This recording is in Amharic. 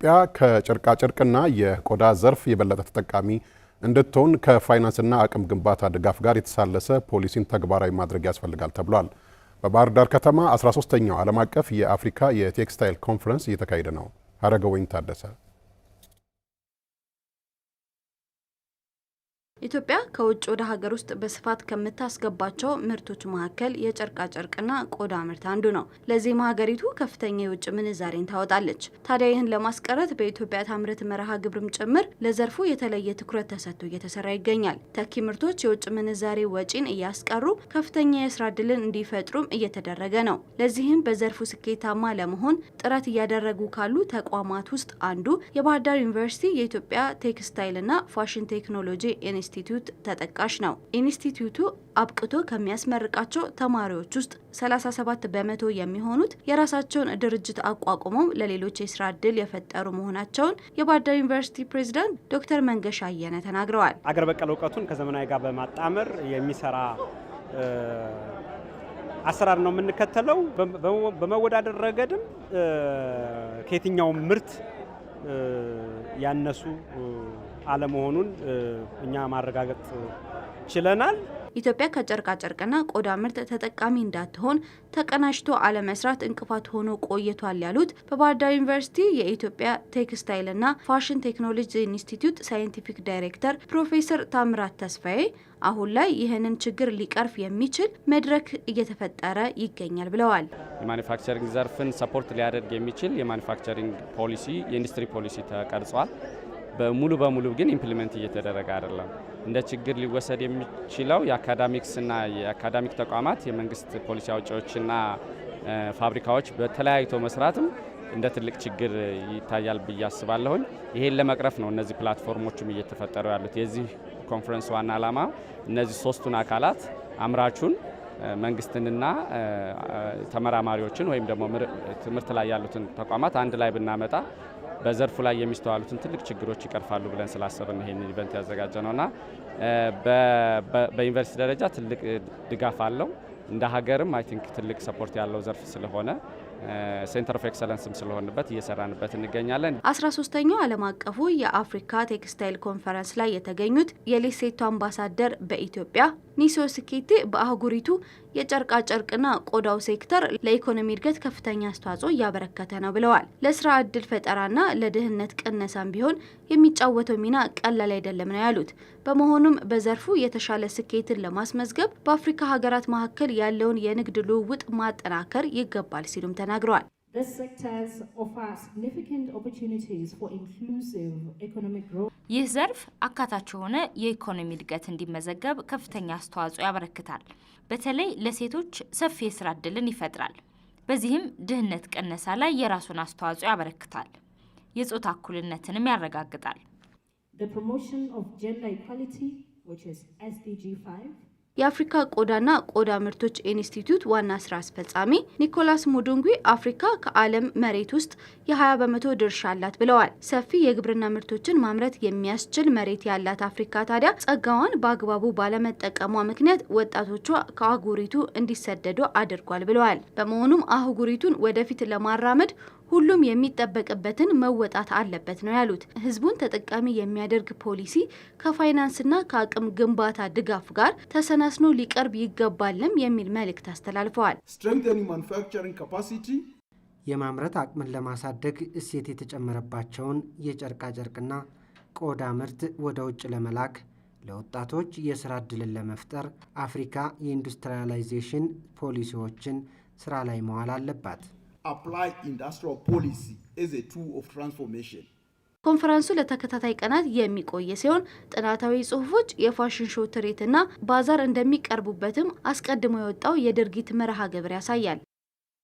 ኢትዮጵያ ከጨርቃጨርቅና የቆዳ ዘርፍ የበለጠ ተጠቃሚ እንድትሆን ከፋይናንስና አቅም ግንባታ ድጋፍ ጋር የተሳለሰ ፖሊሲን ተግባራዊ ማድረግ ያስፈልጋል ተብሏል። በባህር ዳር ከተማ 13ኛው ዓለም አቀፍ የአፍሪካ የቴክስታይል ኮንፈረንስ እየተካሄደ ነው። ሀረገወይን ታደሰ ኢትዮጵያ ከውጭ ወደ ሀገር ውስጥ በስፋት ከምታስገባቸው ምርቶች መካከል የጨርቃጨርቅና ቆዳ ምርት አንዱ ነው። ለዚህም ሀገሪቱ ከፍተኛ የውጭ ምንዛሬን ታወጣለች። ታዲያ ይህን ለማስቀረት በኢትዮጵያ ታምርት መርሃ ግብርም ጭምር ለዘርፉ የተለየ ትኩረት ተሰጥቶ እየተሰራ ይገኛል። ተኪ ምርቶች የውጭ ምንዛሬ ወጪን እያስቀሩ ከፍተኛ የስራ እድልን እንዲፈጥሩም እየተደረገ ነው። ለዚህም በዘርፉ ስኬታማ ለመሆን ጥረት እያደረጉ ካሉ ተቋማት ውስጥ አንዱ የባህር ዳር ዩኒቨርሲቲ የኢትዮጵያ ቴክስታይልና ፋሽን ቴክኖሎጂ ኢንስቲትዩት ተጠቃሽ ነው። ኢንስቲትዩቱ አብቅቶ ከሚያስመርቃቸው ተማሪዎች ውስጥ 37 በመቶ የሚሆኑት የራሳቸውን ድርጅት አቋቁመው ለሌሎች የስራ እድል የፈጠሩ መሆናቸውን የባህርዳር ዩኒቨርሲቲ ፕሬዚዳንት ዶክተር መንገሻ አየነ ተናግረዋል። አገር በቀል እውቀቱን ከዘመናዊ ጋር በማጣመር የሚሰራ አሰራር ነው የምንከተለው። በመወዳደር ረገድም ከየትኛውም ምርት ያነሱ አለመሆኑን እኛ ማረጋገጥ ችለናል። ኢትዮጵያ ከጨርቃጨርቅና ቆዳ ምርት ተጠቃሚ እንዳትሆን ተቀናጅቶ አለመስራት እንቅፋት ሆኖ ቆይቷል ያሉት በባህር ዳር ዩኒቨርሲቲ የኢትዮጵያ ቴክስታይልና ፋሽን ቴክኖሎጂ ኢንስቲትዩት ሳይንቲፊክ ዳይሬክተር ፕሮፌሰር ታምራት ተስፋዬ አሁን ላይ ይህንን ችግር ሊቀርፍ የሚችል መድረክ እየተፈጠረ ይገኛል ብለዋል። የማኒፋክቸሪንግ ዘርፍን ሰፖርት ሊያደርግ የሚችል የማኒፋክቸሪንግ ፖሊሲ የኢንዱስትሪ ፖሊሲ ተቀርጿል። ሙሉ በሙሉ ግን ኢምፕሊመንት እየተደረገ አይደለም። እንደ ችግር ሊወሰድ የሚችለው የአካዳሚክስና የአካዳሚክ ተቋማት የመንግስት ፖሊሲ አውጪዎችና ፋብሪካዎች በተለያይቶ መስራትም እንደ ትልቅ ችግር ይታያል ብዬ አስባለሁኝ። ይሄን ለመቅረፍ ነው እነዚህ ፕላትፎርሞችም እየተፈጠሩ ያሉት። የዚህ ኮንፈረንስ ዋና ዓላማ እነዚህ ሶስቱን አካላት አምራቹን መንግስትንና ተመራማሪዎችን ወይም ደግሞ ትምህርት ላይ ያሉትን ተቋማት አንድ ላይ ብናመጣ በዘርፉ ላይ የሚስተዋሉትን ትልቅ ችግሮች ይቀርፋሉ ብለን ስላሰብን ይሄን ኢቨንት ያዘጋጀ ነውና በዩኒቨርሲቲ ደረጃ ትልቅ ድጋፍ አለው። እንደ ሀገርም አይ ቲንክ ትልቅ ሰፖርት ያለው ዘርፍ ስለሆነ ሴንተር ኦፍ ኤክሰለንስም ስለሆንበት እየሰራንበት እንገኛለን። አስራ ሶስተኛው ዓለም አቀፉ የአፍሪካ ቴክስታይል ኮንፈረንስ ላይ የተገኙት የሌሴቶ አምባሳደር በኢትዮጵያ ኒሶ ስኬቴ በአህጉሪቱ የጨርቃ ጨርቅና ቆዳው ሴክተር ለኢኮኖሚ እድገት ከፍተኛ አስተዋጽኦ እያበረከተ ነው ብለዋል። ለስራ እድል ፈጠራና ለድህነት ቅነሳም ቢሆን የሚጫወተው ሚና ቀላል አይደለም ነው ያሉት። በመሆኑም በዘርፉ የተሻለ ስኬትን ለማስመዝገብ በአፍሪካ ሀገራት መካከል ያለውን የንግድ ልውውጥ ማጠናከር ይገባል ሲሉም ተናግረዋል። ተናግረዋል። ይህ ዘርፍ አካታች የሆነ የኢኮኖሚ እድገት እንዲመዘገብ ከፍተኛ አስተዋጽኦ ያበረክታል። በተለይ ለሴቶች ሰፊ የስራ እድልን ይፈጥራል። በዚህም ድህነት ቀነሳ ላይ የራሱን አስተዋጽኦ ያበረክታል። የጾታ እኩልነትንም ያረጋግጣል። የአፍሪካ ቆዳና ቆዳ ምርቶች ኢንስቲትዩት ዋና ስራ አስፈጻሚ ኒኮላስ ሙዱንጉ አፍሪካ ከዓለም መሬት ውስጥ የ20 በመቶ ድርሻ አላት ብለዋል። ሰፊ የግብርና ምርቶችን ማምረት የሚያስችል መሬት ያላት አፍሪካ ታዲያ ጸጋዋን በአግባቡ ባለመጠቀሟ ምክንያት ወጣቶቿ ከአህጉሪቱ እንዲሰደዱ አድርጓል ብለዋል። በመሆኑም አህጉሪቱን ወደፊት ለማራመድ ሁሉም የሚጠበቅበትን መወጣት አለበት ነው ያሉት። ህዝቡን ተጠቃሚ የሚያደርግ ፖሊሲ ከፋይናንስና ከአቅም ግንባታ ድጋፍ ጋር ተሰናስኖ ሊቀርብ ይገባልም የሚል መልእክት አስተላልፈዋል። የማምረት አቅምን ለማሳደግ እሴት የተጨመረባቸውን የጨርቃጨርቅና ቆዳ ምርት ወደ ውጭ ለመላክ ለወጣቶች የስራ እድልን ለመፍጠር አፍሪካ የኢንዱስትሪያላይዜሽን ፖሊሲዎችን ስራ ላይ መዋል አለባት። apply industrial policy as a tool of transformation. ኮንፈረንሱ ለተከታታይ ቀናት የሚቆይ ሲሆን ጥናታዊ ጽሁፎች፣ የፋሽን ሾው ትርኢትና ባዛር እንደሚቀርቡበትም አስቀድሞ የወጣው የድርጊት መርሃ ግብር ያሳያል።